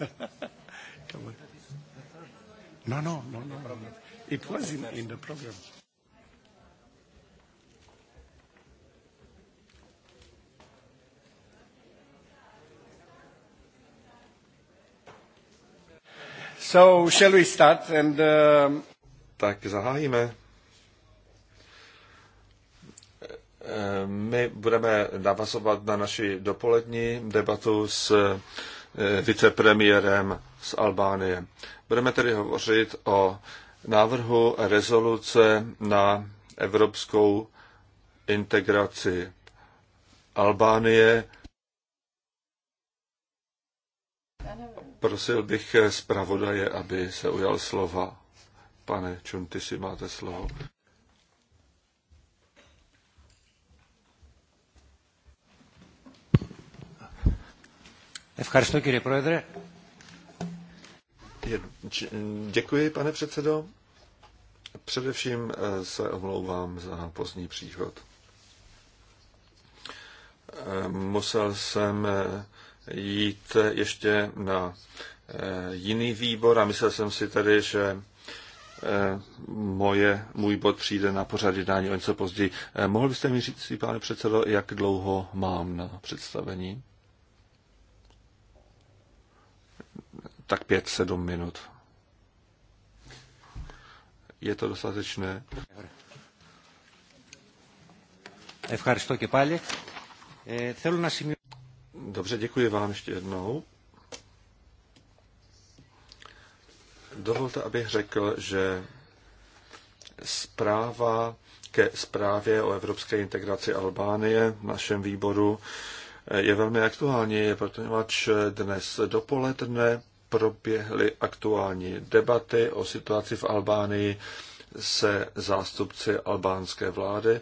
No, no, no, no, no. no. It was in, in the program. So, shall we start and, um... Tak zahájíme. Eh, my budeme navazovat na naši dopolední debatu s Eh, vicepremiérem z Albánie. Budeme tedy hovořit o návrhu rezoluce na evropskou integraci Albánie. Prosil bych zpravodaje, aby se ujal slova. Pane Čunty, si máte slovo. Děkuji, pane předsedo. Především eh, se omlouvám za pozdní příchod. Eh, musel jsem eh, jít ještě na jiný výbor a myslel jsem si tedy, že moje, můj bod přijde na pořad jednání o něco později. Mohl byste mi říct, pane předsedo, jak dlouho mám na představení? tak pět sedm minut. Je to dostatečné? Dobře, děkuji vám ještě jednou. Dovolte, abych řekl, že zpráva ke zprávě o evropské integraci Albánie v našem výboru je velmi aktuální, protože dnes dopoledne proběhly aktuální debaty o situaci v Albánii se zástupci albánské vlády. Eh,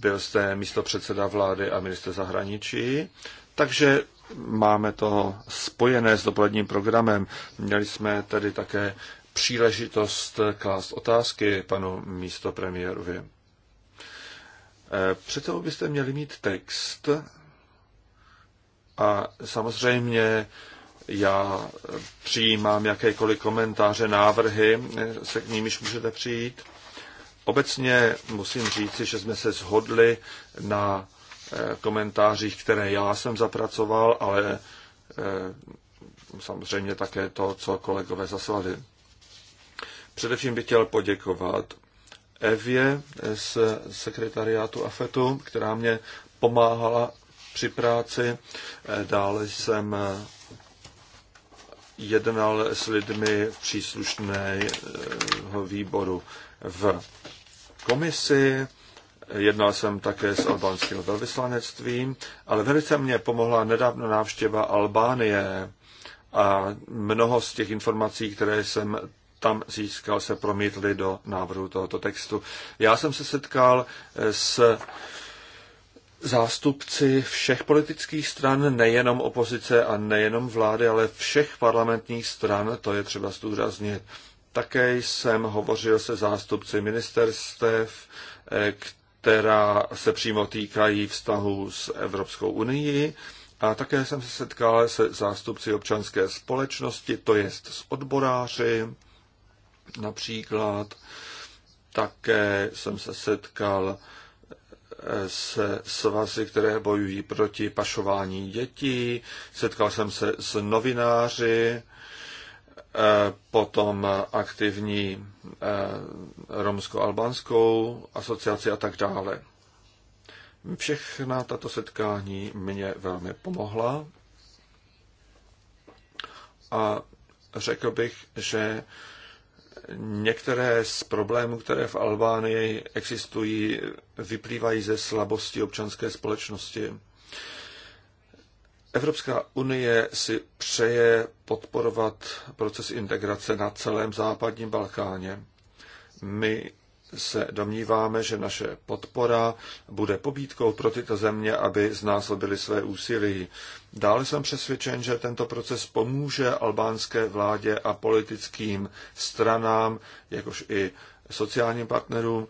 byl jste místo předseda vlády a minister zahraničí. Takže máme to spojené s dopoledním programem. Měli jsme tady také příležitost klást otázky panu místo premiérovi. Eh, před byste měli mít text a samozřejmě já přijímám jakékoliv komentáře, návrhy, se k nimiž můžete přijít. Obecně musím říci, že jsme se shodli na eh, komentářích, které já jsem zapracoval, ale eh, samozřejmě také to, co kolegové zaslali. Především bych chtěl poděkovat Evě z sekretariátu AFETu, která mě pomáhala při práci. Eh, dále jsem jednal s lidmi v příslušného výboru v komisi, jednal jsem také s albánským velvyslanectvím, ale velice mě pomohla nedávno návštěva Albánie a mnoho z těch informací, které jsem tam získal, se promítly do návrhu tohoto textu. Já jsem se setkal s zástupci všech politických stran, nejenom opozice a nejenom vlády, ale všech parlamentních stran, to je třeba zdůraznit. Také jsem hovořil se zástupci ministerstev, eh, která se přímo týkají vztahu s Evropskou unii. A také jsem se setkal se zástupci občanské společnosti, to jest s odboráři například. Také jsem se setkal se svazy, které bojují proti pašování dětí, setkal jsem se s novináři, e, potom aktivní e, romsko-albánskou asociaci a tak dále. Všechna tato setkání mě velmi pomohla a řekl bych, že některé z problémů, které v Albánii existují, vyplývají ze slabosti občanské společnosti. Evropská unie si přeje podporovat proces integrace na celém západním Balkáně. My se domníváme, že naše podpora bude pobídkou pro tyto země, aby znásobili své úsilí. Dále jsem přesvědčen, že tento proces pomůže albánské vládě a politickým stranám, jakož i sociálním partnerům,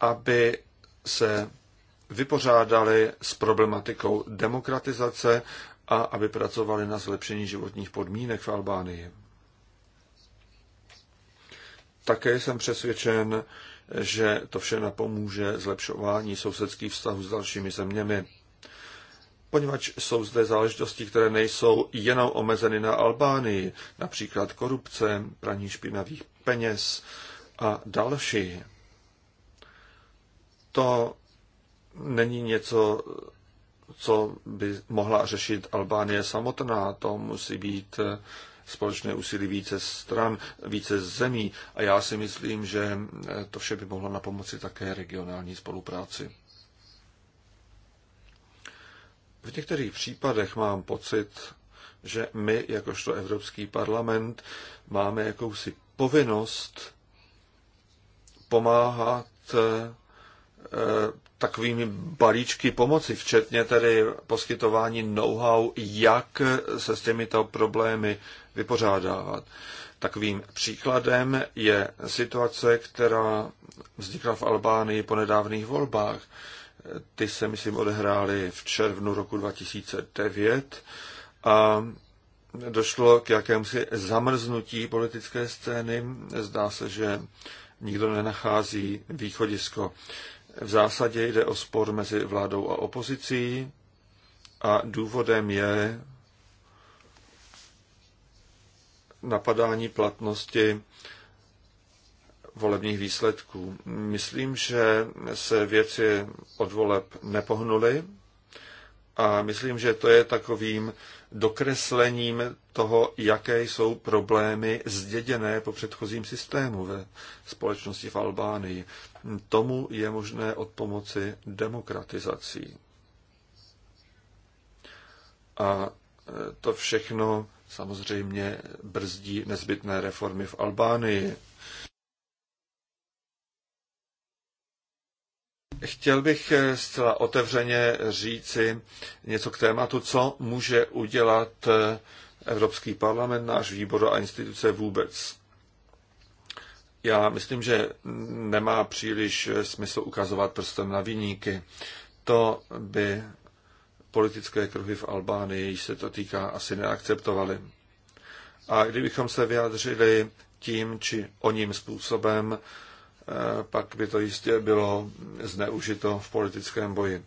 aby se vypořádali s problematikou demokratizace a aby pracovali na zlepšení životních podmínek v Albánii. Také jsem přesvědčen, že to vše napomůže zlepšování sousedských vztahů s dalšími zeměmi. Poněvadž jsou zde záležitosti, které nejsou jenom omezeny na Albánii, například korupce, praní špinavých peněz a další. To není něco, co by mohla řešit Albánie samotná. To musí být společné úsilí více stran, více zemí a já si myslím, že to vše by mohlo na pomoci také regionální spolupráci. V některých případech mám pocit, že my, jakožto Evropský parlament, máme jakousi povinnost pomáhat eh, takovými balíčky pomoci, včetně tedy poskytování know-how, jak se s těmito problémy vypořádávat. Takovým příkladem je situace, která vznikla v Albánii po nedávných volbách. Ty se, myslím, odehrály v červnu roku 2009 a došlo k jakémusi zamrznutí politické scény. Zdá se, že nikdo nenachází východisko. V zásadě jde o spor mezi vládou a opozicí a důvodem je napadání platnosti volebních výsledků. Myslím, že se věci od voleb nepohnuly a myslím, že to je takovým dokreslením toho, jaké jsou problémy zděděné po předchozím systému ve společnosti v Albánii. Tomu je možné od pomoci demokratizací. A to všechno samozřejmě brzdí nezbytné reformy v Albánii. Chtěl bych zcela otevřeně říci něco k tématu, co může udělat Evropský parlament, náš výbor a instituce vůbec. Já myslím, že nemá příliš smysl ukazovat prstem na výníky. To by politické kruhy v Albánii, již se to týká, asi neakceptovali. A kdybychom se vyjádřili tím či ním způsobem, eh, pak by to jistě bylo zneužito v politickém boji.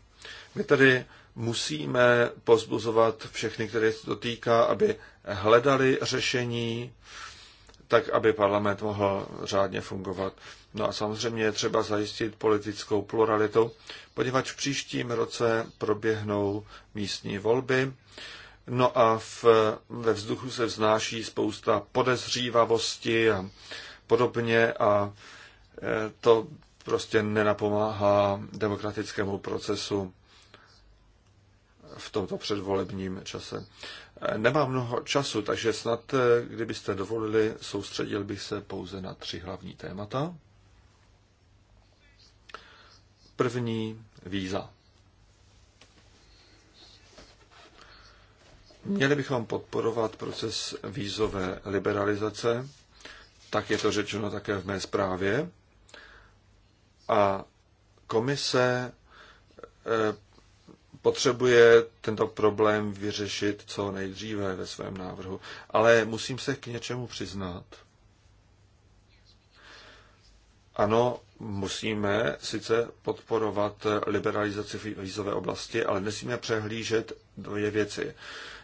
My tedy musíme pozbuzovat všechny, které se to týká, aby hledali řešení, tak aby parlament mohl řádně fungovat. No a samozřejmě je třeba zajistit politickou pluralitu, poněvadž v příštím roce proběhnou místní volby. No a v, ve vzduchu se vznáší spousta podezřívavosti a podobně a e, to prostě nenapomáhá demokratickému procesu v tomto předvolebním čase. Nemám mnoho času, takže snad, eh, kdybyste dovolili, soustředil bych se pouze na tři hlavní témata. První víza. Měli bychom podporovat proces vízové liberalizace, tak je to řečeno také v mé zprávě. A komise eh, potřebuje tento problém vyřešit co nejdříve ve svém návrhu. Ale musím se k něčemu přiznat. Ano, musíme sice podporovat liberalizaci v vízové oblasti, ale nesmíme přehlížet dvě věci.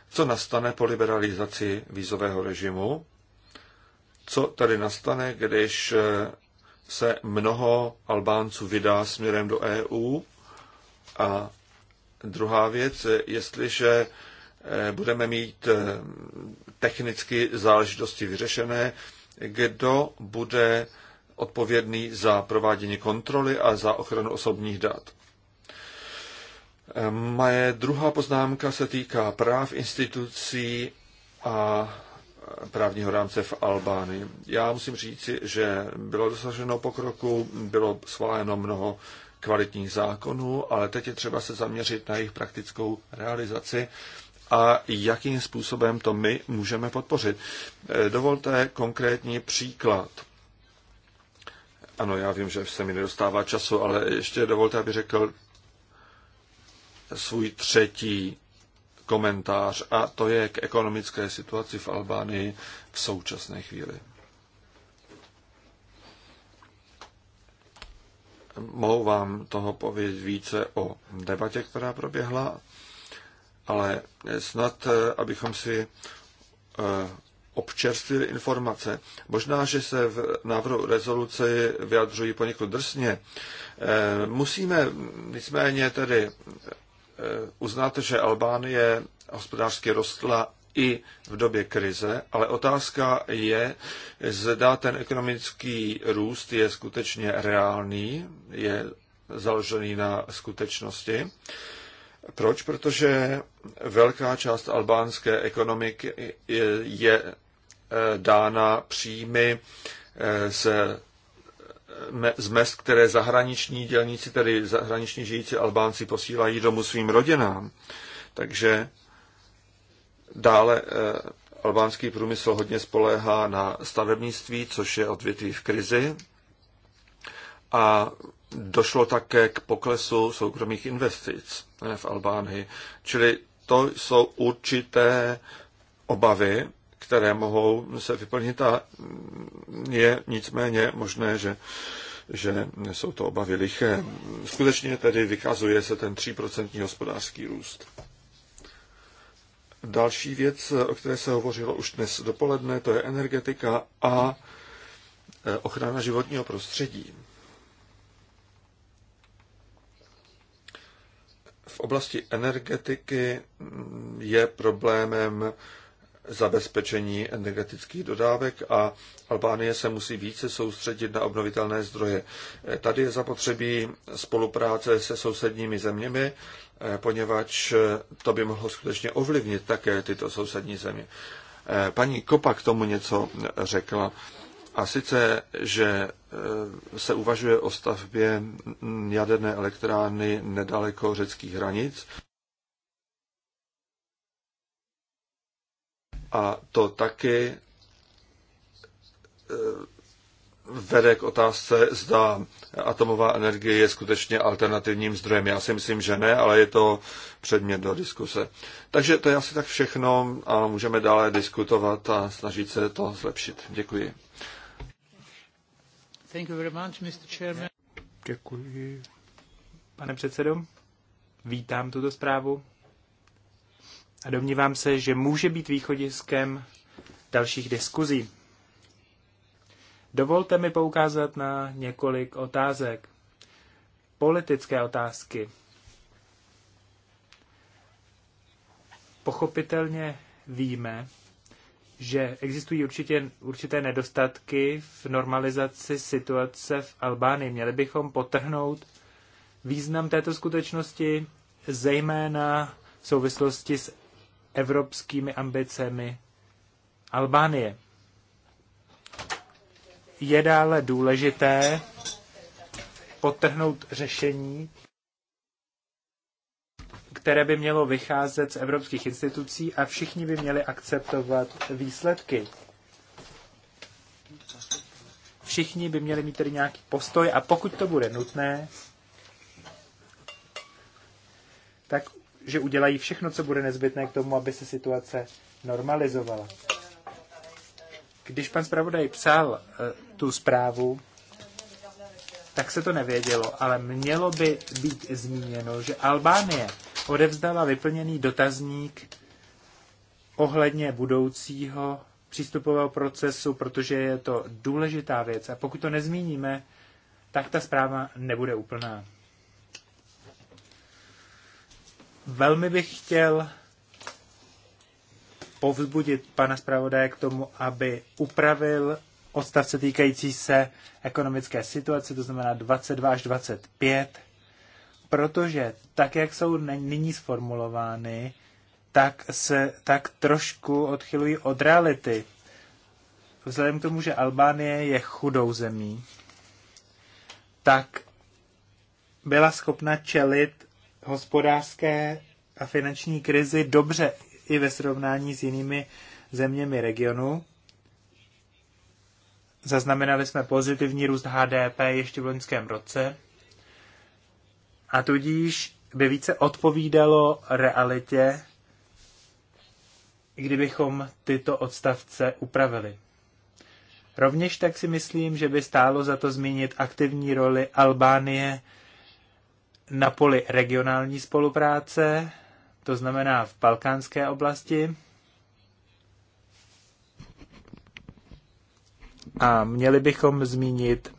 Co nastane po liberalizaci vízového režimu? Co tady nastane, když se mnoho Albánců vydá směrem do EU a Druhá věc, jestliže eh, budeme mít eh, technicky záležitosti vyřešené, kdo bude odpovědný za provádění kontroly a za ochranu osobních dat. Eh, moje druhá poznámka se týká práv institucí a právního rámce v Albánii. Já musím říci, že bylo dosaženo pokroku, bylo schváleno mnoho kvalitních zákonů, ale teď je třeba se zaměřit na jejich praktickou realizaci a jakým způsobem to my můžeme podpořit. Eh, dovolte konkrétní příklad. Ano, já vím, že se mi nedostává času, ale ještě dovolte, aby řekl svůj třetí komentář a to je k ekonomické situaci v Albánii v současné chvíli. Mohu vám toho povědět více o debatě, která proběhla, ale snad, eh, abychom si eh, občerstvili informace. Možná, že se v návrhu rezoluce vyjadřují poněkud drsně. Eh, musíme nicméně tedy uznat, že Albánie hospodářsky rostla i v době krize, ale otázka je, zda ten ekonomický růst je skutečně reálný, je založený na skutečnosti. Proč? Protože velká část albánské ekonomiky je eh, dána příjmy eh, z z mest, které zahraniční dělníci, tedy zahraniční žijící Albánci posílají domů svým rodinám. Takže Dále eh, albánský průmysl hodně spoléhá na stavebnictví, což je odvětví v krizi. A došlo také k poklesu soukromých investic eh, v Albánii. Čili to jsou určité obavy, které mohou se vyplnit a je nicméně možné, že, že jsou to obavy liché. Skutečně tedy vykazuje se ten 3% hospodářský růst. Další věc, o které se hovořilo už dnes dopoledne, to je energetika a e, ochrana životního prostředí. V oblasti energetiky mm, je problémem zabezpečení energetických dodávek a Albánie se musí více soustředit na obnovitelné zdroje. E, tady je zapotřebí spolupráce se sousedními zeměmi Eh, poněvadž eh, to by mohlo skutečně ovlivnit také tyto sousední země. Eh, paní Kopa k tomu něco řekla. A sice, že se uvažuje o stavbě jaderné elektrárny nedaleko řeckých hranic. A to taky vede k otázce, zda atomová energie je skutečně alternativním zdrojem. Já si myslím, že ne, ale je to předmět do diskuse. Takže to je asi tak všechno a můžeme dále diskutovat a snažit se to zlepšit. Děkuji. Thank you very much, Mr. Chairman. Děkuji. Pane předsedo, vítám tuto zprávu a domnívám se, že může být východiskem dalších diskuzí. Dovolte mi poukázat na několik otázek. Politické otázky. Pochopitelně víme, že existují určitě, určité nedostatky v normalizaci situace v Albánii. Měli bychom potrhnout význam této skutečnosti, zejména v souvislosti s evropskými ambicemi Albánie je dále důležité potrhnout řešení, které by mělo vycházet z evropských institucí a všichni by měli akceptovat výsledky. Všichni by měli mít tedy nějaký postoj a pokud to bude nutné, tak že udělají všechno, co bude nezbytné k tomu, aby se situace normalizovala. Když pan zpravodaj psal eh, tu zprávu, tak se to nevědělo, ale mělo by být zmíněno, že Albánie odevzdala vyplněný dotazník ohledně budoucího přístupového procesu, protože je to důležitá věc. A pokud to nezmíníme, tak ta zpráva nebude úplná. Velmi bych chtěl povzbudit pana zpravodaje k tomu, aby upravil odstavce týkající se ekonomické situace, to znamená 22 až 25, protože tak, jak jsou nyní sformulovány, tak se tak trošku odchylují od reality. Vzhledem k tomu, že Albánie je chudou zemí, tak byla schopna čelit hospodářské a finanční krizi dobře, i ve srovnání s jinými zeměmi regionu. Zaznamenali jsme pozitivní růst HDP ještě v loňském roce a tudíž by více odpovídalo realitě, kdybychom tyto odstavce upravili. Rovněž tak si myslím, že by stálo za to zmínit aktivní roli Albánie na poli regionální spolupráce to znamená v balkánské oblasti. A měli bychom zmínit,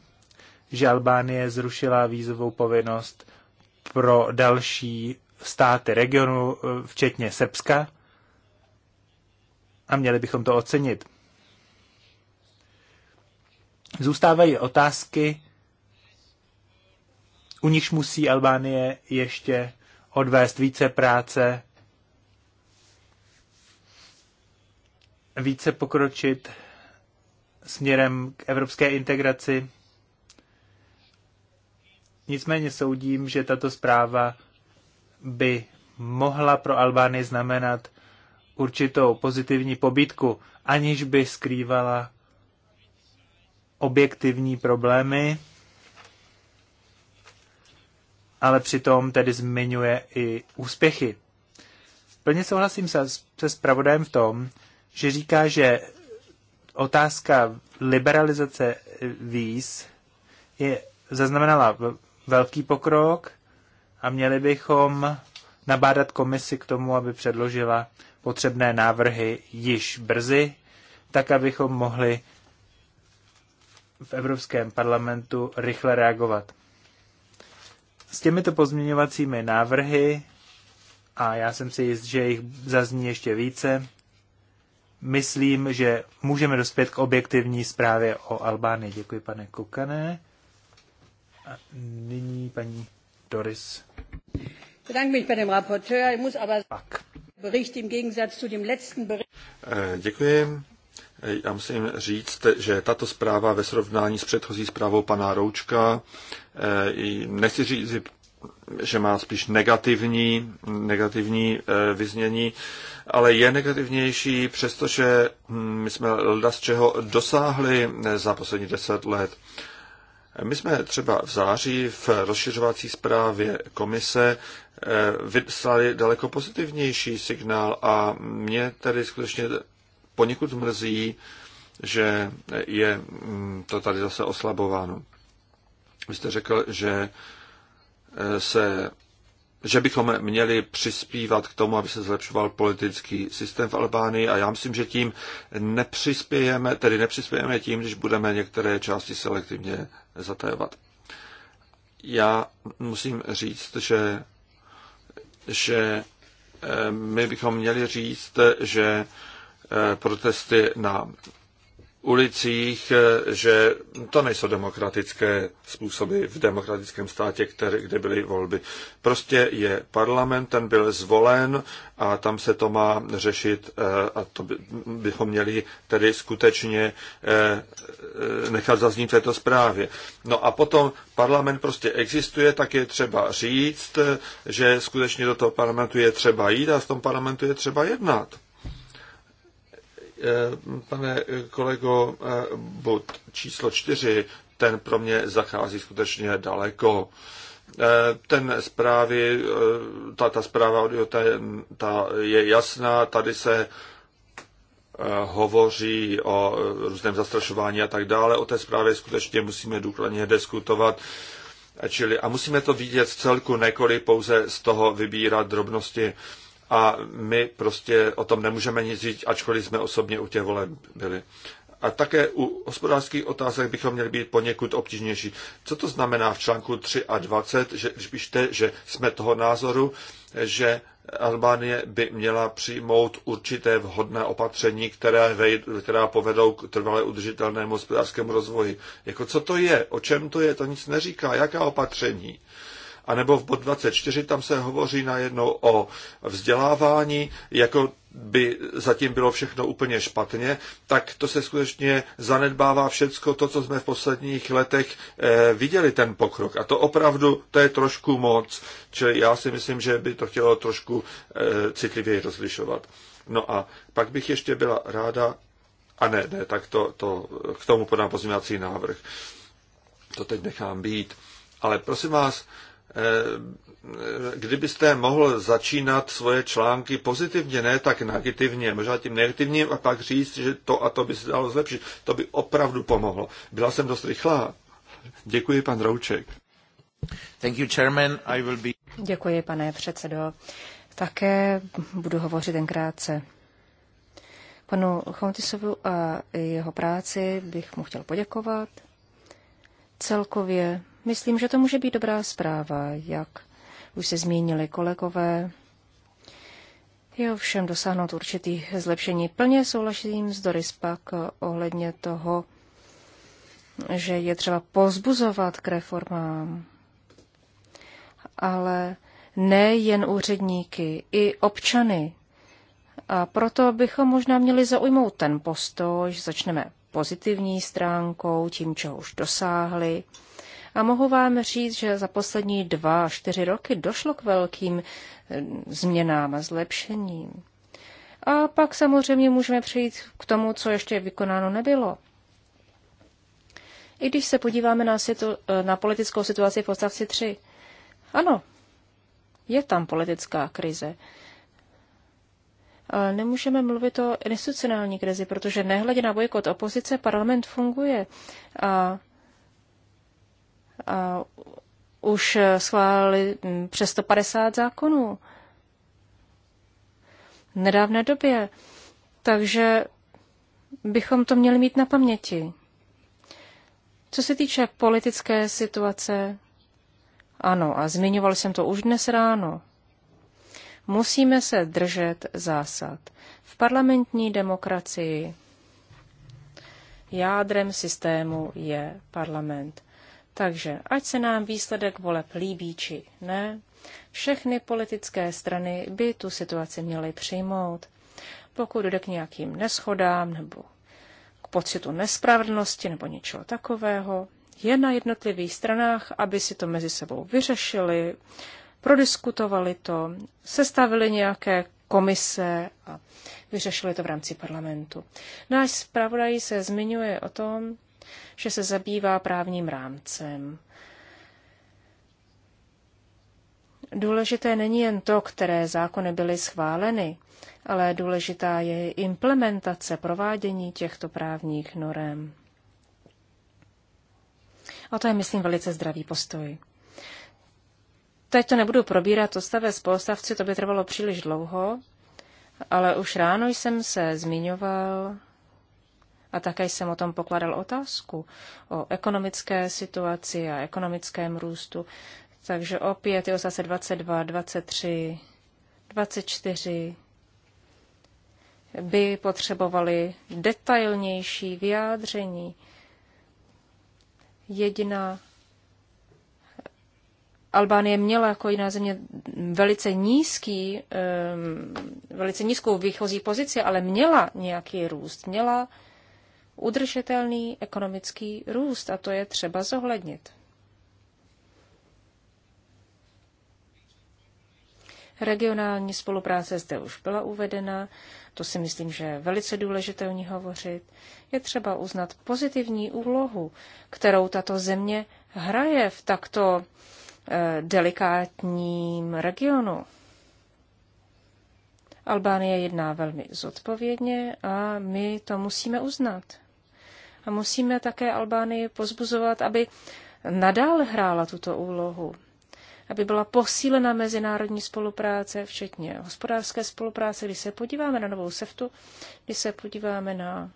že Albánie zrušila vízovou povinnost pro další státy regionu, včetně Srbska, a měli bychom to ocenit. Zůstávají otázky, u nich musí Albánie ještě odvést více práce, více pokročit směrem k evropské integraci. Nicméně soudím, že tato zpráva by mohla pro Albány znamenat určitou pozitivní pobídku, aniž by skrývala objektivní problémy ale přitom tedy zmiňuje i úspěchy. Plně souhlasím se, se spravodajem v tom, že říká, že otázka liberalizace víz je, zaznamenala velký pokrok a měli bychom nabádat komisi k tomu, aby předložila potřebné návrhy již brzy, tak abychom mohli v Evropském parlamentu rychle reagovat s těmito pozměňovacími návrhy, a já jsem si jist, že jich zazní ještě více, myslím, že můžeme dospět k objektivní zprávě o Albánii. Děkuji, pane Kukané. A nyní paní Doris. Pak. Eh, děkuji. Já musím říct, že tato zpráva ve srovnání s předchozí zprávou pana Roučka, eh, nechci říct, že má spíš negativní, negativní eh, vyznění, ale je negativnější, přestože hm, my jsme lda z čeho dosáhli eh, za poslední deset let. My jsme třeba v září v rozšiřovací zprávě komise vyslali daleko pozitivnější signál a mě tedy skutečně poněkud mrzí, že je mm, to tady zase oslabováno. Vy jste řekl, že eh, se že bychom měli přispívat k tomu, aby se zlepšoval politický systém v Albánii a já myslím, že tím nepřispějeme, tedy nepřispějeme tím, když budeme některé části selektivně zatajovat. Já musím říct, že, že eh, my bychom měli říct, že Eh, protesty na ulicích, eh, že to nejsou demokratické způsoby v demokratickém státě, které, kde byly volby. Prostě je parlament, ten byl zvolen a tam se to má řešit eh, a to by, bychom měli tedy skutečně nechat zaznít této zprávě. No a potom parlament prostě existuje, tak je třeba říct, že skutečně do toho parlamentu je třeba jít a v tom parlamentu je třeba jednat. Eh, pane kolego, eh, bod číslo čtyři, ten pro mě zachází skutečně daleko. Eh, ten zprávy, ta, ta zpráva ta, ta je jasná, tady se hovoří o různém zastrašování a tak dále. O té zprávě skutečně musíme důkladně diskutovat. Čili, a musíme to vidět v celku, nekoli pouze z toho vybírat drobnosti. Uh, a my prostě o tom nemůžeme nic říct, ačkoliv jsme osobně u těch voleb byli. A také u hospodářských otázek bychom měli být poněkud obtížnější. Co to znamená v článku 3 a 20, že když píšte, že jsme toho názoru, že Albánie by měla přijmout určité vhodné opatření, které vej, která povedou k trvale udržitelnému hospodářskému rozvoji. Jako co to je? O čem to je? To nic neříká. Jaká opatření? A nebo v bod 24 tam se hovoří najednou o vzdělávání, jako by zatím bylo všechno úplně špatně, tak to se skutečně zanedbává všecko to, co jsme v posledních letech eh, viděli ten pokrok. A to opravdu, to je trošku moc, čili já si myslím, že by to chtělo trošku eh, citlivěji rozlišovat. No a pak bych ještě byla ráda, a ne, ne, tak to, to k tomu podám pozměňovací návrh. To teď nechám být. Ale prosím vás, Eh, kdybyste mohl začínat svoje články pozitivně, ne tak negativně, možná tím negativním a pak říct, že to a to by se dalo zlepšit, to by opravdu pomohlo. Byla jsem dost rychlá. Děkuji, pan Rouček. Thank you, chairman. I will be... Děkuji, pane předsedo. Také budu hovořit ten krátce. Panu Chontisovu a jeho práci bych mu chtěl poděkovat. Celkově Myslím, že to může být dobrá zpráva, jak už se zmínili kolegové. Je ovšem dosáhnout určitých zlepšení. Plně souhlasím s Doris Pak ohledně toho, že je třeba pozbuzovat k reformám, ale ne jen úředníky, i občany. A proto bychom možná měli zaujmout ten postoj, že začneme pozitivní stránkou, tím, čeho už dosáhli, a mohu vám říct, že za poslední dva, čtyři roky došlo k velkým eh, změnám a zlepšením. A pak samozřejmě můžeme přejít k tomu, co ještě vykonáno nebylo. I když se podíváme na, situ- eh, na politickou situaci v odstavci 3. Ano, je tam politická krize. Ale nemůžeme mluvit o institucionální krizi, protože nehledě na bojkot opozice parlament funguje. A uh, už schválili hm, přes 150 zákonů v nedávné době. Takže bychom to měli mít na paměti. Co se týče politické situace, ano, a zmiňoval jsem to už dnes ráno, musíme se držet zásad. V parlamentní demokracii jádrem systému je parlament. Takže ať se nám výsledek voleb líbí či ne, všechny politické strany by tu situaci měly přijmout. Pokud jde k nějakým neschodám nebo k pocitu nespravedlnosti nebo něčeho takového, je na jednotlivých stranách, aby si to mezi sebou vyřešili, prodiskutovali to, sestavili nějaké komise a vyřešili to v rámci parlamentu. Náš zpravodaj se zmiňuje o tom, že se zabývá právním rámcem. Důležité není jen to, které zákony byly schváleny, ale důležitá je implementace, provádění těchto právních norem. A to je, myslím, velice zdravý postoj. Teď to nebudu probírat odstavec po postavci. to by trvalo příliš dlouho, ale už ráno jsem se zmiňoval a také jsem o tom pokladal otázku o ekonomické situaci a ekonomickém růstu. Takže opět je o zase 22, 23, 24 by potřebovali detailnější vyjádření. Jediná Albánie měla jako jiná země velice nízký, um, velice nízkou výchozí pozici, ale měla nějaký růst, měla udržitelný ekonomický růst a to je třeba zohlednit. Regionální spolupráce zde už byla uvedena, to si myslím, že je velice důležité o ní hovořit. Je třeba uznat pozitivní úlohu, kterou tato země hraje v takto eh, delikátním regionu. Albánie jedná velmi zodpovědně a my to musíme uznat. A musíme také Albánii pozbuzovat, aby nadále hrála tuto úlohu, aby byla posílena mezinárodní spolupráce, včetně hospodářské spolupráce. Když se podíváme na novou SEFTu, když se podíváme na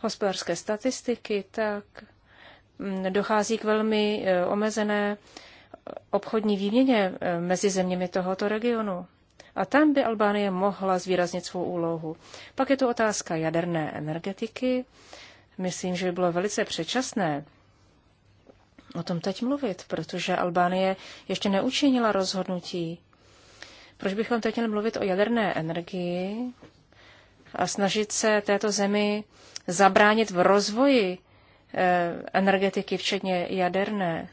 hospodářské statistiky, tak mm, dochází k velmi e, omezené e, obchodní výměně e, mezi zeměmi tohoto regionu. A tam by Albánie mohla zvýraznit svou úlohu. Pak je to otázka jaderné energetiky. Myslím, že by bylo velice předčasné o tom teď mluvit, protože Albánie ještě neučinila rozhodnutí. Proč bychom teď měli mluvit o jaderné energii a snažit se této zemi zabránit v rozvoji eh, energetiky, včetně jaderné?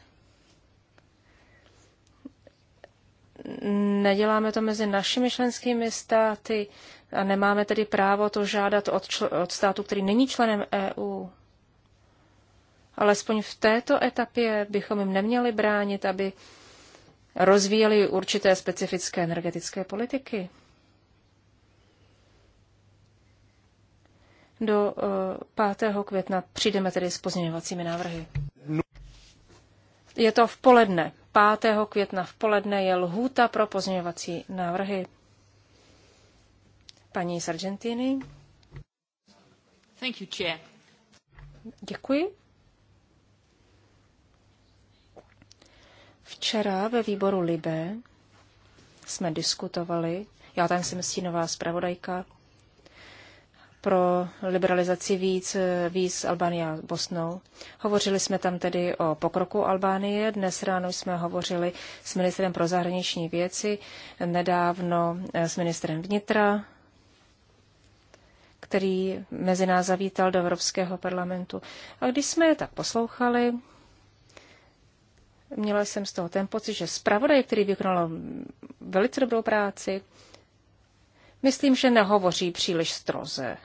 neděláme to mezi našimi členskými státy a nemáme tedy právo to žádat od, čl- od státu, který není členem EU. Alespoň v této etapě bychom jim neměli bránit, aby rozvíjeli určité specifické energetické politiky. Do 5. Eh, května přijdeme tedy s pozměňovacími návrhy. Je to v poledne. 5. května v poledne je lhůta pro pozměňovací návrhy. Paní Sargentini. Thank you, chair. Děkuji. Včera ve výboru Libe jsme diskutovali, já tam jsem stínová zpravodajka, pro liberalizaci víc víc Albánie a Bosnou. Hovořili jsme tam tedy o pokroku Albánie. Dnes ráno jsme hovořili s ministrem pro zahraniční věci, nedávno eh, s ministrem vnitra, který mezi nás zavítal do Evropského parlamentu. A když jsme je tak poslouchali, měla jsem z toho ten pocit, že zpravodaj, který vykonal velice dobrou práci, myslím, že nehovoří příliš stroze.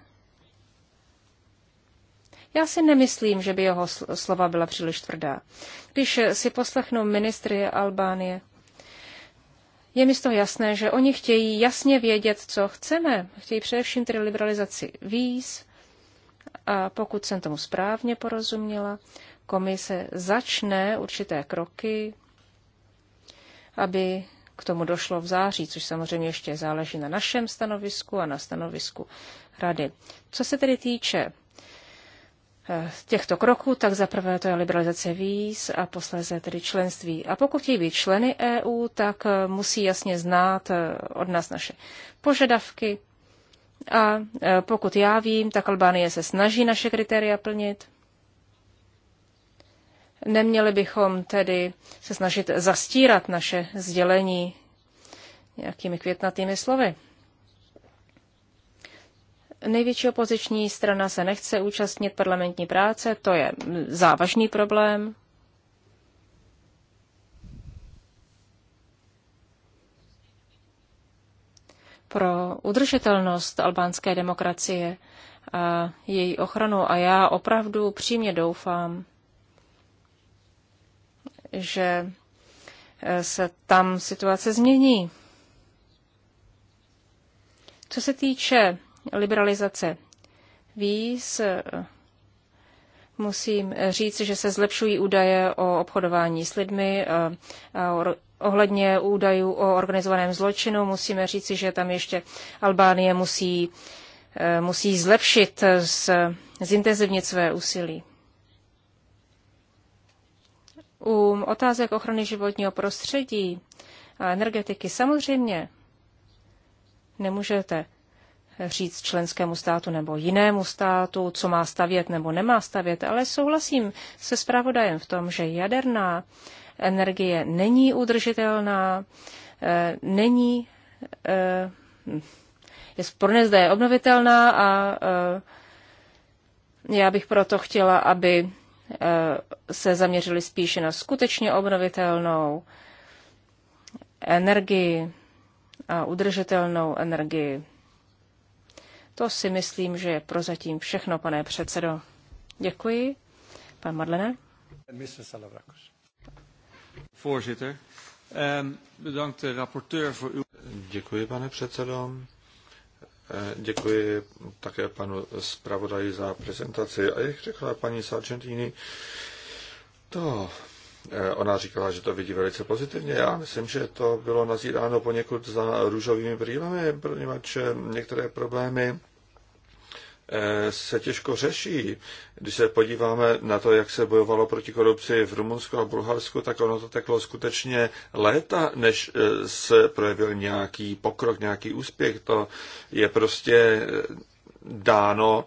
Já si nemyslím, že by jeho slova byla příliš tvrdá. Když si poslechnu ministry Albánie, je mi z toho jasné, že oni chtějí jasně vědět, co chceme. Chtějí především tedy liberalizaci víz. A pokud jsem tomu správně porozuměla, komise začne určité kroky, aby k tomu došlo v září, což samozřejmě ještě záleží na našem stanovisku a na stanovisku rady. Co se tedy týče Eh, těchto kroků, tak zaprvé to je liberalizace víz a posléze tedy členství. A pokud chtějí být členy EU, tak eh, musí jasně znát eh, od nás naše požadavky. A pokud já vím, tak Albánie se snaží naše kritéria plnit. Neměli bychom tedy se snažit zastírat naše sdělení nějakými květnatými slovy. Největší opoziční strana se nechce účastnit parlamentní práce, to je závažný problém. Pro udržitelnost albánské demokracie a její ochranu a já opravdu přímě doufám, že eh, se tam situace změní. Co se týče liberalizace víz, eh, musím říct, že se zlepšují údaje o obchodování s lidmi. Eh, ohledně údajů o organizovaném zločinu musíme říci, že tam ještě Albánie musí, eh, musí zlepšit, z, zintenzivnit své úsilí. U otázek ochrany životního prostředí a energetiky samozřejmě nemůžete říct členskému státu nebo jinému státu, co má stavět nebo nemá stavět, ale souhlasím se zpravodajem v tom, že jaderná energie není udržitelná, eh, není eh, je pro zde je obnovitelná a eh, já bych proto chtěla, aby se zaměřili spíše na skutečně obnovitelnou energii a udržitelnou energii. To si myslím, že je prozatím všechno, pane předsedo. Děkuji. Pan Madlené. Voorzitter, ehm, bedankt de rapporteur voor uw... Děkuji, pane předsedo. Eh, děkuji také panu zpravodaji za prezentaci. A jak řekla paní Sargentini, to eh, Ona říkala, že to vidí velice pozitivně. Já myslím, že to bylo nazíráno poněkud za růžovými brýlemi, protože eh, některé problémy Eh, se těžko řeší. Když se podíváme na to, jak se bojovalo proti korupci v Rumunsku a Bulharsku, tak ono to teklo skutečně léta, než eh, se projevil nějaký pokrok, nějaký úspěch. To je prostě eh, dáno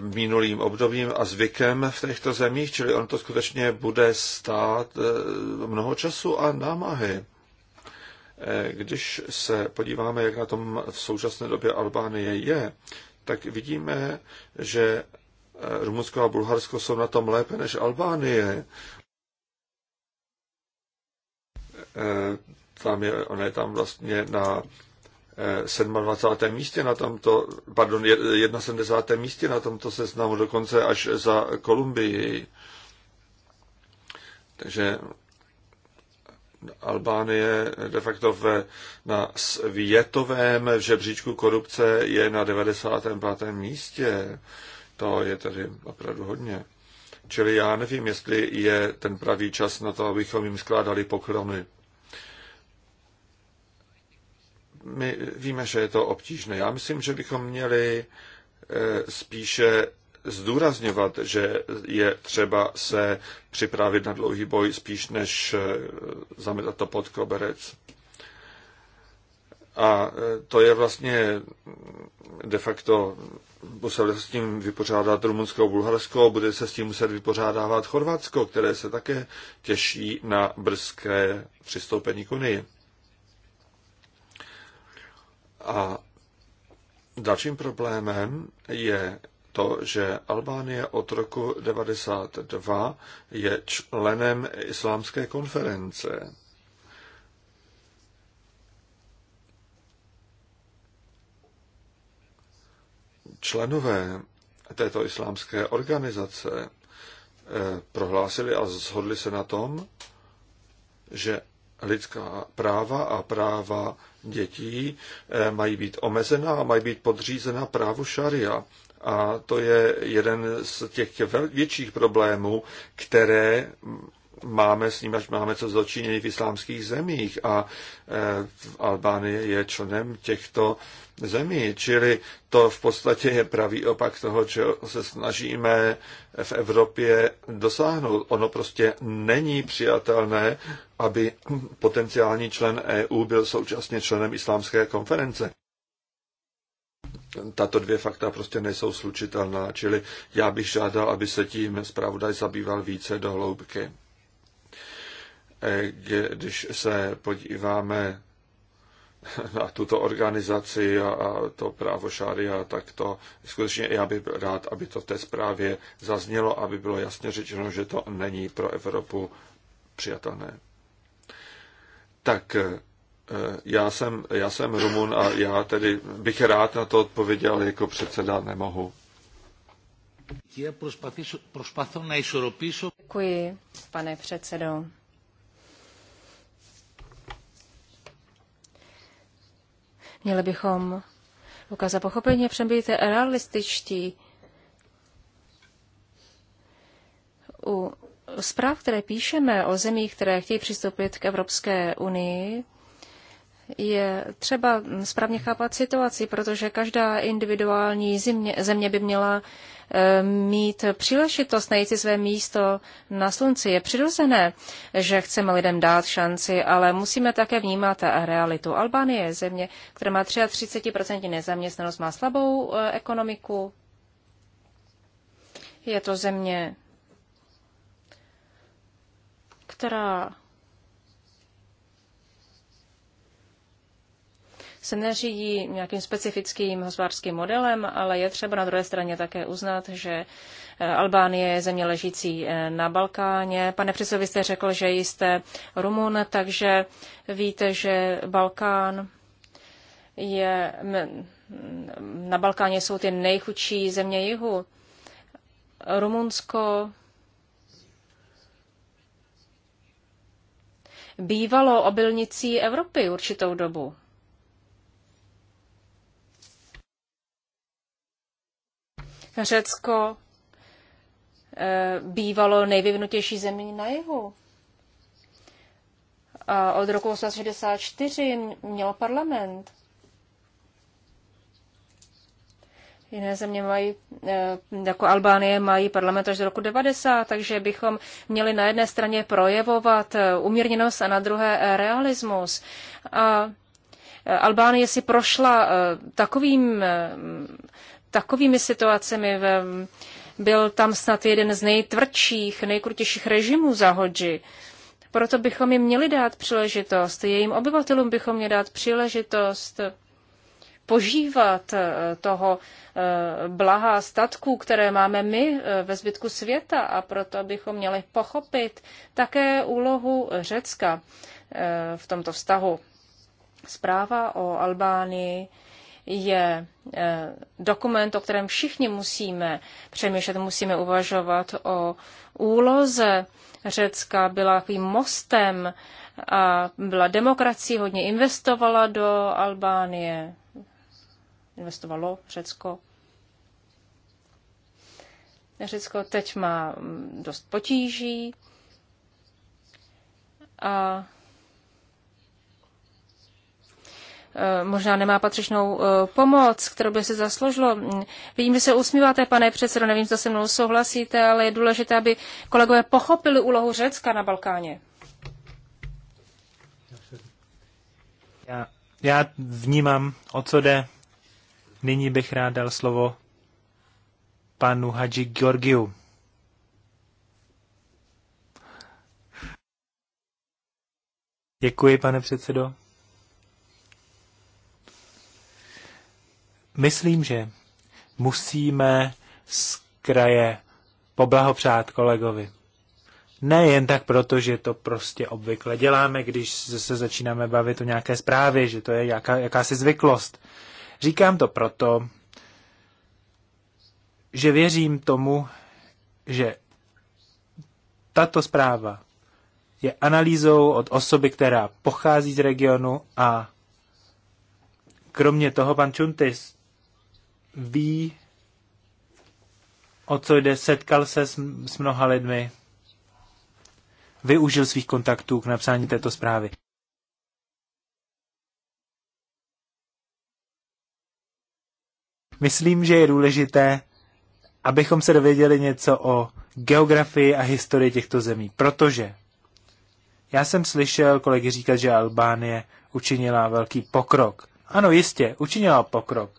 minulým obdobím a zvykem v těchto zemích, čili on to skutečně bude stát mnoho času a námahy. Když se podíváme, jak na tom v současné době Albánie je, tak vidíme, že eh, Rumunsko a Bulharsko jsou na tom lépe než Albánie. Eh, tam je, on je tam vlastně na 27. Eh, místě na tomto, pardon, 71. místě na tomto seznamu, dokonce až za Kolumbii. Takže Albánie de facto v, na světovém žebříčku korupce je na 95. místě. To je tedy opravdu hodně. Čili já nevím, jestli je ten pravý čas na to, abychom jim skládali poklony. My víme, že je to obtížné. Já myslím, že bychom měli eh, spíše zdůrazňovat, že je třeba se připravit na dlouhý boj spíš než eh, zametat to pod koberec. A eh, to je vlastně mm, de facto, musel se s tím vypořádat Rumunsko a Bulharsko, bude se s tím muset vypořádávat Chorvatsko, které se také těší na brzké přistoupení k Unii. A dalším problémem je to, že Albánie od roku 92 je členem Islámské konference. Členové této islámské organizace eh, prohlásili a shodli se na tom, že lidská práva a práva dětí eh, mají být omezená a mají být podřízena právu šaria. A to je jeden z těch větších problémů, které máme s ním, až máme co zločinění v islámských zemích a eh, v Albánie je členem těchto zemí. Čili to v podstatě je pravý opak toho, co se snažíme v Evropě dosáhnout. Ono prostě není přijatelné, aby potenciální člen EU byl současně členem islámské konference tato dvě fakta prostě nejsou slučitelná, čili já bych žádal, aby se tím zpravodaj zabýval více do hloubky. E, když se podíváme na tuto organizaci a, to právo šária, tak to skutečně já bych rád, aby to v té zprávě zaznělo, aby bylo jasně řečeno, že to není pro Evropu přijatelné. Tak Eh, já jsem, já jsem Rumun a já tedy bych rád na to odpověděl, jako předseda nemohu. Děkuji, pane předsedo. Měli bychom ukázat pochopení a přem být realističtí. U zpráv, které píšeme o zemích, které chtějí přistoupit k Evropské unii, je třeba správně chápat situaci, protože každá individuální země, země by měla eh, mít příležitost najít si své místo na slunci. Je přirozené, že chceme lidem dát šanci, ale musíme také vnímat realitu. Albánie je země, která má 33% nezaměstnanost, má slabou eh, ekonomiku. Je to země, která se neřídí nějakým specifickým hospodářským modelem, ale je třeba na druhé straně také uznat, že eh, Albánie je země ležící eh, na Balkáně. Pane předsedo, vy jste řekl, že jste Rumun, takže víte, že Balkán je, na Balkáně jsou ty nejchudší země jihu. Rumunsko bývalo obilnicí Evropy určitou dobu. Řecko eh, bývalo nejvyvnutější zemí na jihu. A od roku 1864 mělo parlament. Jiné země mají, eh, jako Albánie, mají parlament až do roku 90, takže bychom měli na jedné straně projevovat eh, umírněnost a na druhé realismus. A Albánie si prošla takovým takovými situacemi. Byl tam snad jeden z nejtvrdších, nejkrutějších režimů za Hodži. Proto bychom jim měli dát příležitost, jejím obyvatelům bychom měli dát příležitost požívat eh, toho eh, blaha statků, které máme my eh, ve zbytku světa a proto bychom měli pochopit také úlohu Řecka v tomto vztahu. Zpráva o Albánii je eh, dokument, o kterém všichni musíme přemýšlet, musíme uvažovat o úloze Řecka, byla takovým mostem a byla demokracií, hodně investovala do Albánie, investovalo Řecko. Řecko teď má mm, dost potíží a Eh, možná nemá patřičnou eh, pomoc, kterou by se zasloužilo. Vidím, že se usmíváte, pane předsedo, nevím, zda se mnou souhlasíte, ale je důležité, aby kolegové pochopili úlohu Řecka na Balkáně. Já, já vnímám, o co jde. Nyní bych rád dal slovo panu Hadži Georgiu. Děkuji, pane předsedo. Myslím, že musíme z kraje poblahopřát kolegovi. Ne jen tak proto, že to prostě obvykle děláme, když se začínáme bavit o nějaké zprávě, že to je jaká, jakási zvyklost. Říkám to proto, že věřím tomu, že tato zpráva je analýzou od osoby, která pochází z regionu a kromě toho pan Čuntis ví, o co jde, setkal se s, s mnoha lidmi, využil svých kontaktů k napsání této zprávy. Myslím, že je důležité, abychom se dověděli něco o geografii a historii těchto zemí, protože já jsem slyšel kolegy říkat, že Albánie učinila velký pokrok. Ano, jistě, učinila pokrok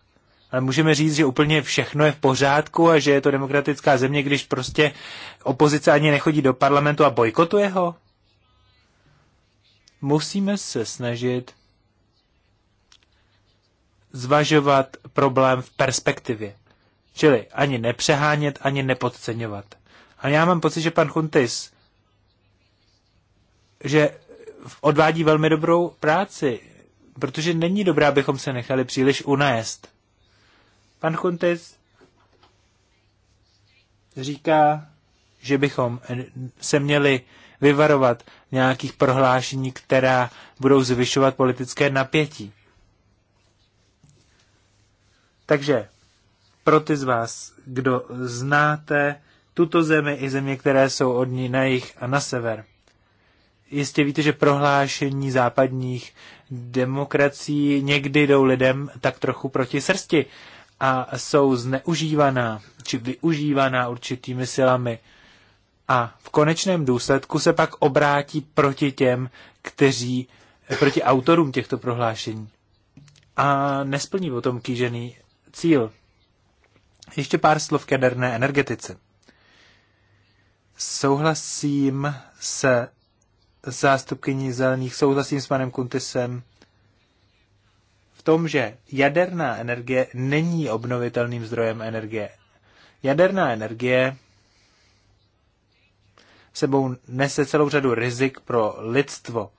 ale můžeme říct, že úplně všechno je v pořádku a že je to demokratická země, když prostě opozice ani nechodí do parlamentu a bojkotuje ho? Musíme se snažit zvažovat problém v perspektivě. Čili ani nepřehánět, ani nepodceňovat. A já mám pocit, že pan Chuntis, že odvádí velmi dobrou práci, protože není dobré, abychom se nechali příliš unést. Pan Chuntis říká, že bychom se měli vyvarovat nějakých prohlášení, která budou zvyšovat politické napětí. Takže pro ty z vás, kdo znáte tuto zemi i země, které jsou od ní na jich a na sever, jistě víte, že prohlášení západních demokracií někdy jdou lidem tak trochu proti srsti a jsou zneužívaná či využívaná určitými silami a v konečném důsledku se pak obrátí proti těm, kteří, proti autorům těchto prohlášení a nesplní tom kýžený cíl. Ještě pár slov k jaderné energetice. Souhlasím se zástupkyní zelených, souhlasím s panem Kuntisem v tom, že jaderná energie není obnovitelným zdrojem energie. Jaderná energie sebou nese celou řadu rizik pro lidstvo.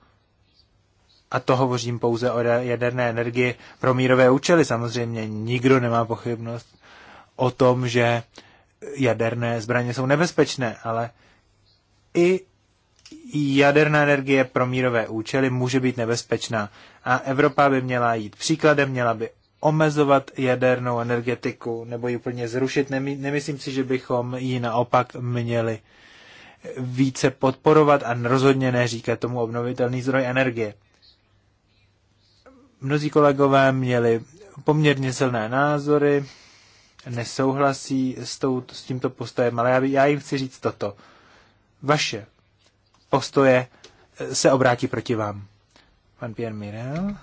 A to hovořím pouze o jaderné energii pro mírové účely. Samozřejmě nikdo nemá pochybnost o tom, že jaderné zbraně jsou nebezpečné, ale i jaderná energie pro mírové účely může být nebezpečná a Evropa by měla jít příkladem, měla by omezovat jadernou energetiku nebo ji úplně zrušit. Nemyslím si, že bychom ji naopak měli více podporovat a rozhodně neříkat tomu obnovitelný zdroj energie. Mnozí kolegové měli poměrně silné názory, nesouhlasí s, tou, s tímto postojem, ale já, já jim chci říct toto. Vaše postoje eh, se obrátí proti vám. Pan Pierre Mirel.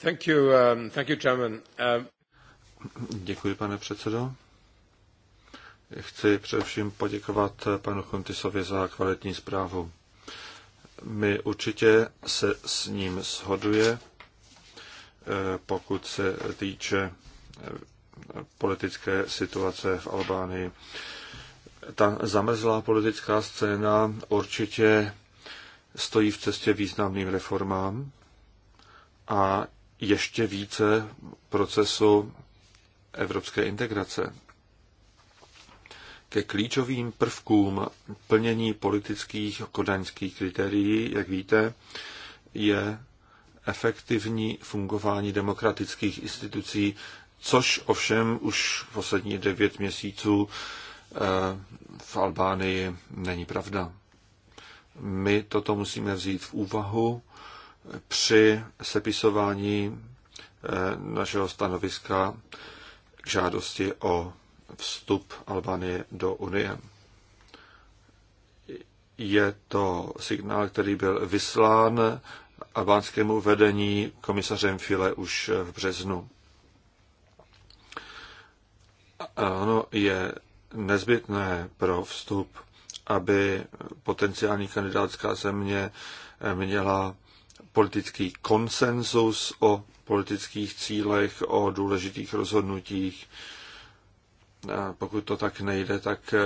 Thank you, um, thank you, Chairman. Um... Děkuji, pane předsedo. Chci především poděkovat eh, panu Kontisovi za kvalitní zprávu. My určitě se s ním shoduje, eh, pokud se týče politické situace v Albánii ta zamrzlá politická scéna určitě stojí v cestě významným reformám a ještě více procesu evropské integrace. Ke klíčovým prvkům plnění politických kodaňských kritérií, jak víte, je efektivní fungování demokratických institucí, což ovšem už v posledních devět měsíců v Albánii není pravda. My toto musíme vzít v úvahu při sepisování eh, našeho stanoviska k žádosti o vstup Albánie do Unie. Je to signál, který byl vyslán albánskému vedení komisařem File už v březnu. Ano, je nezbytné pro vstup, aby potenciální kandidátská země eh, měla politický konsenzus o politických cílech, o důležitých rozhodnutích. Pokud to tak nejde, tak eh,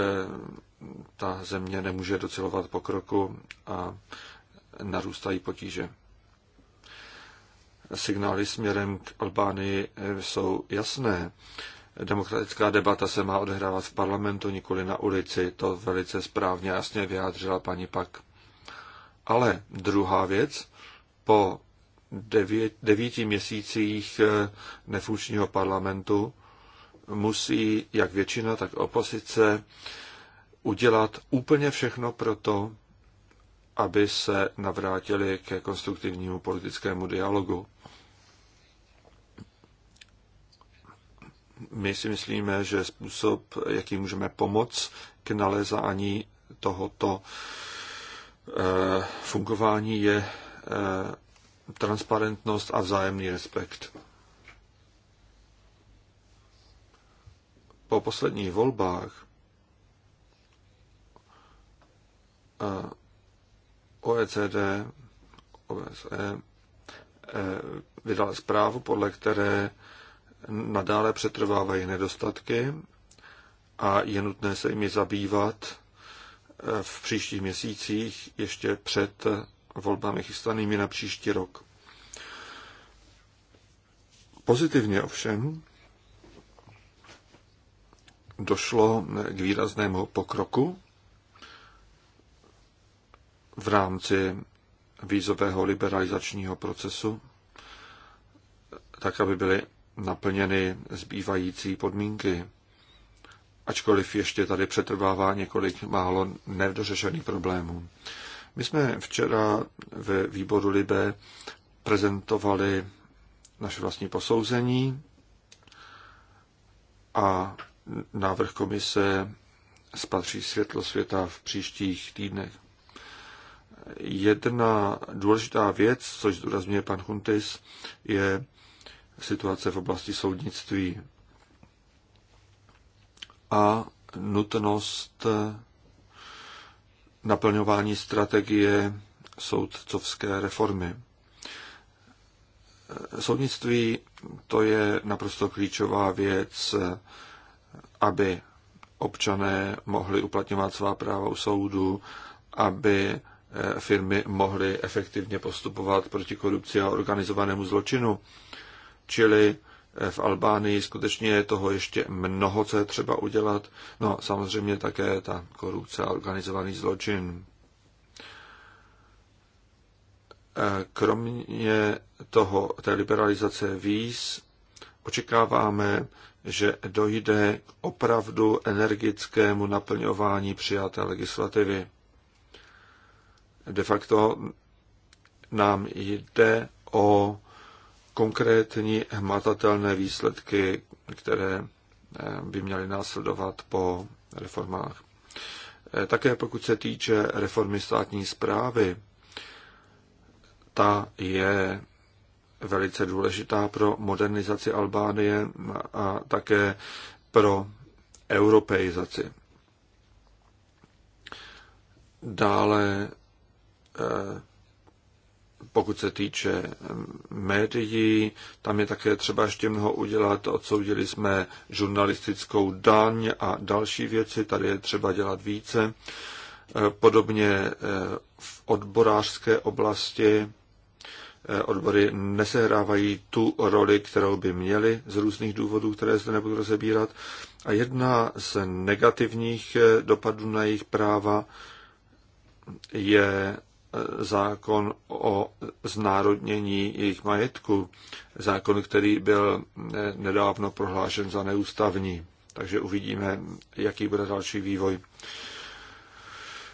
ta země nemůže docelovat pokroku a narůstají potíže. Signály směrem k Albánii jsou jasné. Demokratická debata se má odehrávat v parlamentu, nikoli na ulici. To velice správně a jasně vyjádřila paní Pak. Ale druhá věc, po devět, devíti měsících eh, nefunkčního parlamentu musí jak většina, tak opozice udělat úplně všechno pro to, aby se navrátili ke konstruktivnímu politickému dialogu. My si myslíme, že způsob, jaký můžeme pomoct k nalezání tohoto eh, fungování, je eh, transparentnost a vzájemný respekt. Po posledních volbách eh, OECD OSE vydala zprávu, podle které nadále přetrvávají nedostatky a je nutné se jimi zabývat eh, v příštích měsících ještě před volbami chystanými na příští rok. Pozitivně ovšem došlo k výraznému pokroku v rámci vízového liberalizačního procesu, tak aby byly naplněny zbývající podmínky. Ačkoliv ještě tady přetrvává několik málo nedořešených problémů. My jsme včera ve výboru Libe prezentovali naše vlastní posouzení a návrh komise spatří světlo světa v příštích týdnech. Jedna důležitá věc, což zdůrazňuje pan Huntis, je situace v oblasti soudnictví a nutnost naplňování strategie soudcovské reformy. Soudnictví to je naprosto klíčová věc, aby občané mohli uplatňovat svá práva u soudu, aby firmy mohly efektivně postupovat proti korupci a organizovanému zločinu. Čili eh, v Albánii skutečně je toho ještě mnoho, co je třeba udělat. No samozřejmě také ta korupce a organizovaný zločin. Eh, kromě toho, té liberalizace víz, očekáváme, že dojde k opravdu energickému naplňování přijaté legislativy. De facto nám jde o konkrétní hmatatelné výsledky, které eh, by měly následovat po reformách. Eh, také pokud se týče reformy státní zprávy, ta je velice důležitá pro modernizaci Albánie a také pro europeizaci. Dále eh, pokud se týče eh, médií, tam je také třeba ještě mnoho udělat. Odsoudili jsme žurnalistickou daň a další věci, tady je třeba dělat více. Eh, podobně eh, v odborářské oblasti odbory nesehrávají tu roli, kterou by měly z různých důvodů, které zde nebudu rozebírat. A jedna z negativních dopadů na jejich práva je zákon o znárodnění jejich majetku, zákon, který byl eh, nedávno prohlášen za neústavní. Takže uvidíme, jaký bude další vývoj.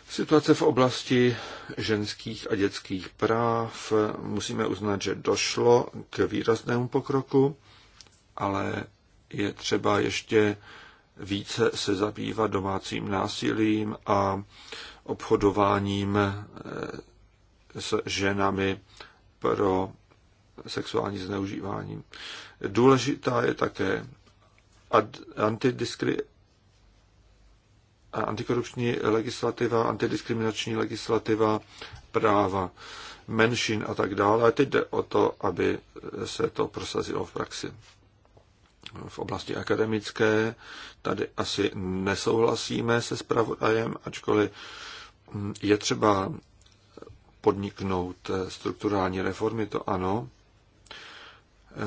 Situace v oblasti ženských a dětských práv musíme uznat, že došlo k výraznému pokroku, ale je třeba ještě více se zabývat domácím násilím a obchodováním eh, s ženami pro sexuální zneužívání. Důležitá je také antidiskri- antikorupční legislativa, antidiskriminační legislativa, práva menšin a tak dále. A teď jde o to, aby se to prosazilo v praxi. V oblasti akademické tady asi nesouhlasíme se spravodajem, ačkoliv je třeba podniknout eh, strukturální reformy, to ano.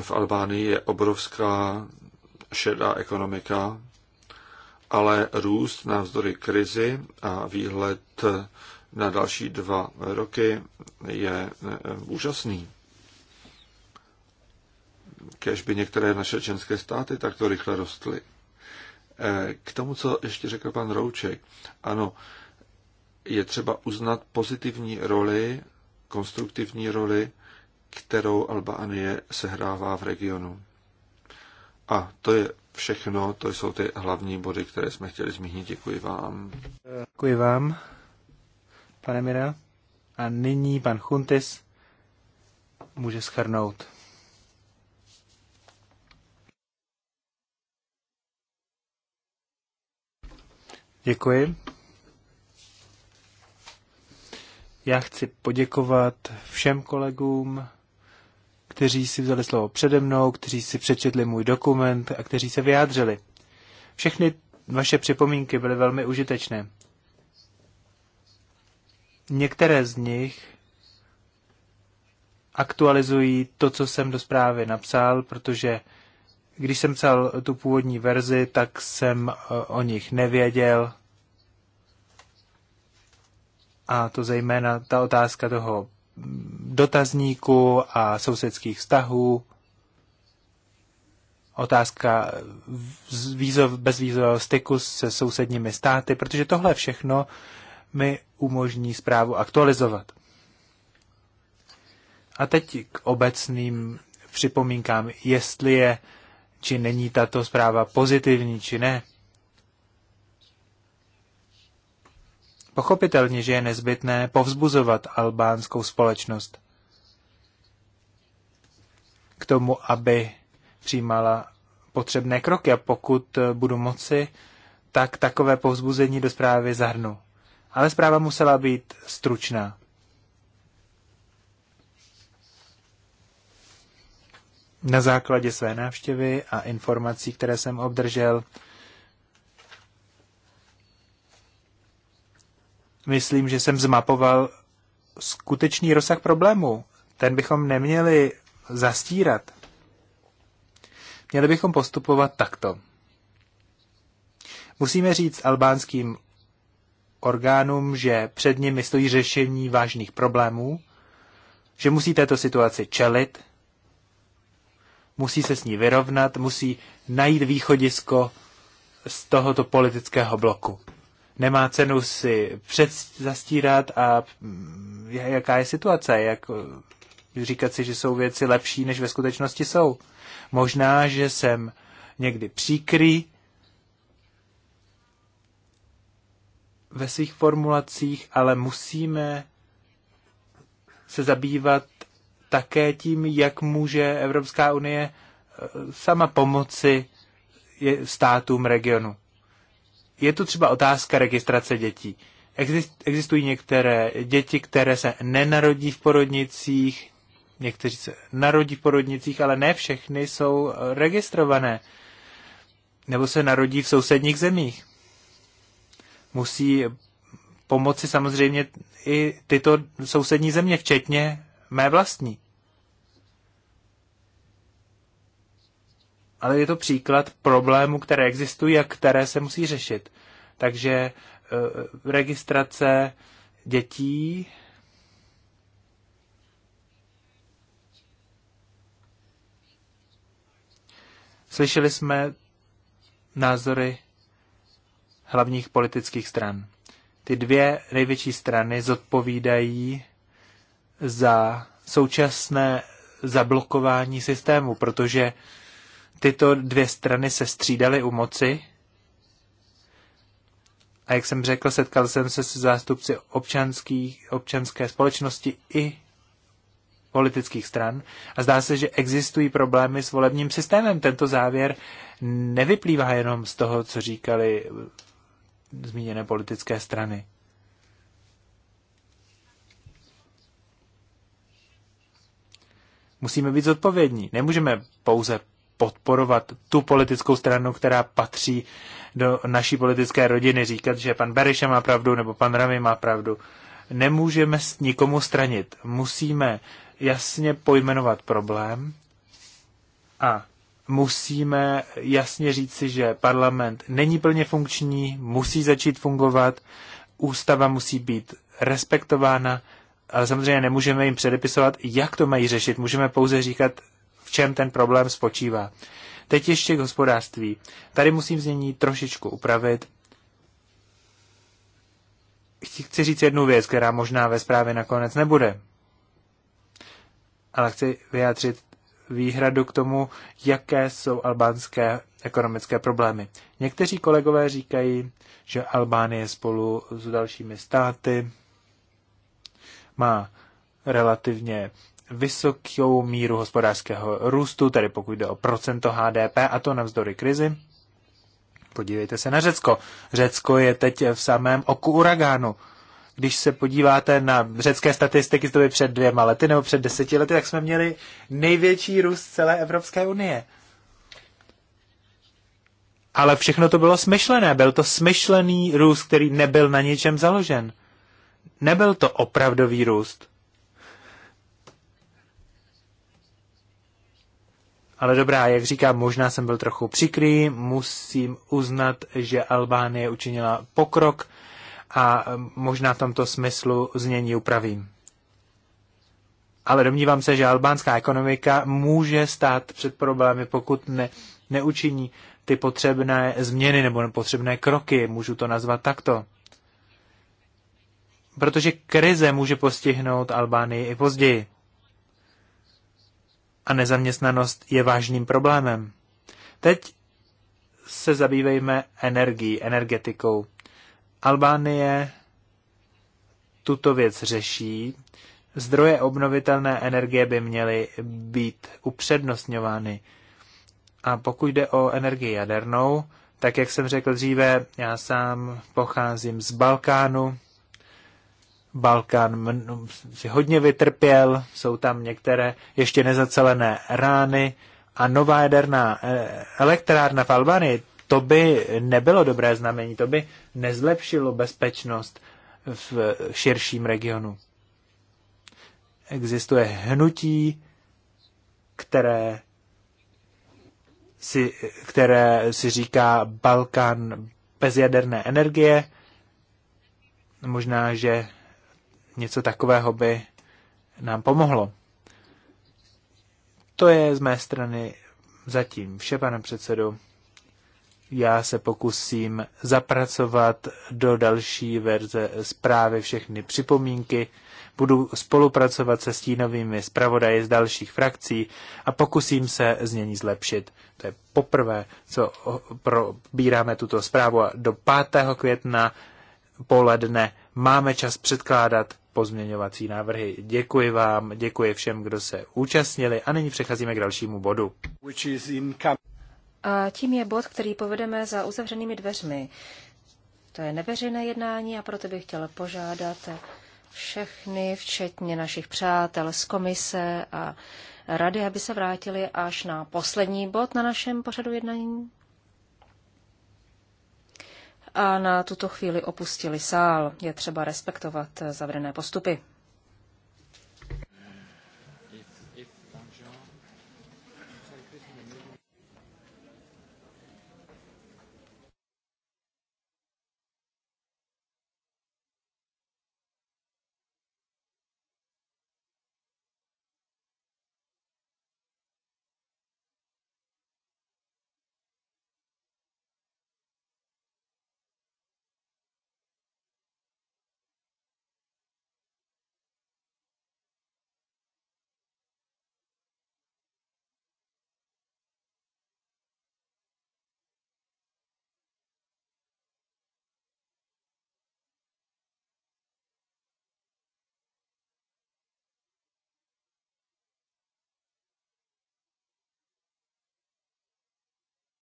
V Albánii je obrovská šedá ekonomika, ale růst navzdory krizi a výhled eh, na další dva roky je eh, úžasný. Kež by některé naše členské státy takto rychle rostly. K tomu, co ještě řekl pan Rouček. Ano, je třeba uznat pozitivní roli, konstruktivní roli, kterou Albánie sehrává v regionu. A to je všechno, to jsou ty hlavní body, které jsme chtěli zmínit. Děkuji vám. Děkuji vám, pane Mira. A nyní pan Chuntis může schrnout. Děkuji. Já chci poděkovat všem kolegům, kteří si vzali slovo přede mnou, kteří si přečetli můj dokument a kteří se vyjádřili. Všechny vaše připomínky byly velmi užitečné. Některé z nich aktualizují to, co jsem do zprávy napsal, protože když jsem psal tu původní verzi, tak jsem eh, o nich nevěděl a to zejména ta otázka toho dotazníku a sousedských vztahů, otázka vízov, bezvízového styku se sousedními státy, protože tohle všechno mi umožní zprávu aktualizovat. A teď k obecným připomínkám, jestli je či není tato zpráva pozitivní, či ne. Pochopitelně, že je nezbytné povzbuzovat albánskou společnost k tomu, aby přijímala potřebné kroky a pokud budu moci, tak takové povzbuzení do zprávy zahrnu. Ale zpráva musela být stručná. Na základě své návštěvy a informací, které jsem obdržel, myslím, že jsem zmapoval skutečný rozsah problému. Ten bychom neměli zastírat. Měli bychom postupovat takto. Musíme říct albánským orgánům, že před nimi stojí řešení vážných problémů, že musí této situaci čelit, musí se s ní vyrovnat, musí najít východisko z tohoto politického bloku nemá cenu si předzastírat a mm, jaká je situace, jak eh, říkat si, že jsou věci lepší, než ve skutečnosti jsou. Možná, že jsem někdy příkrý ve svých formulacích, ale musíme se zabývat také tím, jak může Evropská unie eh, sama pomoci státům regionu. Je tu třeba otázka registrace dětí. Existují některé děti, které se nenarodí v porodnicích, někteří se narodí v porodnicích, ale ne všechny jsou registrované. Nebo se narodí v sousedních zemích. Musí pomoci samozřejmě i tyto sousední země, včetně mé vlastní. ale je to příklad problémů, které existují a které se musí řešit. Takže e, registrace dětí Slyšeli jsme názory hlavních politických stran. Ty dvě největší strany zodpovídají za současné zablokování systému, protože tyto dvě strany se střídaly u moci. A jak jsem řekl, setkal jsem se s zástupci občanských, občanské společnosti i politických stran a zdá se, že existují problémy s volebním systémem. Tento závěr nevyplývá jenom z toho, co říkali zmíněné politické strany. Musíme být zodpovědní. Nemůžeme pouze podporovat tu politickou stranu, která patří do naší politické rodiny. Říkat, že pan Bereša má pravdu nebo pan Rami má pravdu. Nemůžeme nikomu stranit. Musíme jasně pojmenovat problém a musíme jasně říci, že parlament není plně funkční, musí začít fungovat, ústava musí být respektována, ale samozřejmě nemůžeme jim předepisovat, jak to mají řešit. Můžeme pouze říkat, čem ten problém spočívá. Teď ještě k hospodářství. Tady musím znění trošičku upravit. Chci říct jednu věc, která možná ve zprávě nakonec nebude. Ale chci vyjádřit výhradu k tomu, jaké jsou albánské ekonomické problémy. Někteří kolegové říkají, že Albánie spolu s dalšími státy má relativně vysokou míru hospodářského růstu, tedy pokud jde o procento HDP, a to navzdory krizi. Podívejte se na Řecko. Řecko je teď v samém oku uragánu. Když se podíváte na řecké statistiky z doby před dvěma lety nebo před deseti lety, tak jsme měli největší růst celé Evropské unie. Ale všechno to bylo smyšlené. Byl to smyšlený růst, který nebyl na ničem založen. Nebyl to opravdový růst. Ale dobrá, jak říkám, možná jsem byl trochu přikrý, musím uznat, že Albánie učinila pokrok a možná v tomto smyslu znění upravím. Ale domnívám se, že albánská ekonomika může stát před problémy, pokud ne, neučiní ty potřebné změny nebo potřebné kroky, můžu to nazvat takto. Protože krize může postihnout Albánii i později a nezaměstnanost je vážným problémem. Teď se zabývejme energií, energetikou. Albánie tuto věc řeší. Zdroje obnovitelné energie by měly být upřednostňovány. A pokud jde o energii jadernou, tak jak jsem řekl dříve, já sám pocházím z Balkánu, Balkán si hodně vytrpěl, jsou tam některé ještě nezacelené rány a nová jaderná e, elektrárna v Albánii, to by nebylo dobré znamení, to by nezlepšilo bezpečnost v širším regionu. Existuje hnutí, které si, které si říká Balkán bez jaderné energie. Možná, že něco takového by nám pomohlo. To je z mé strany zatím vše, pane předsedu. Já se pokusím zapracovat do další verze zprávy všechny připomínky, budu spolupracovat se stínovými zpravodaji z dalších frakcí a pokusím se znění zlepšit. To je poprvé, co probíráme tuto zprávu a do 5. května poledne máme čas předkládat pozměňovací návrhy. Děkuji vám, děkuji všem, kdo se účastnili a nyní přecházíme k dalšímu bodu. A tím je bod, který povedeme za uzavřenými dveřmi. To je neveřejné jednání a proto bych chtěla požádat všechny, včetně našich přátel z komise a rady, aby se vrátili až na poslední bod na našem pořadu jednání a na tuto chvíli opustili sál. Je třeba respektovat zavedené postupy.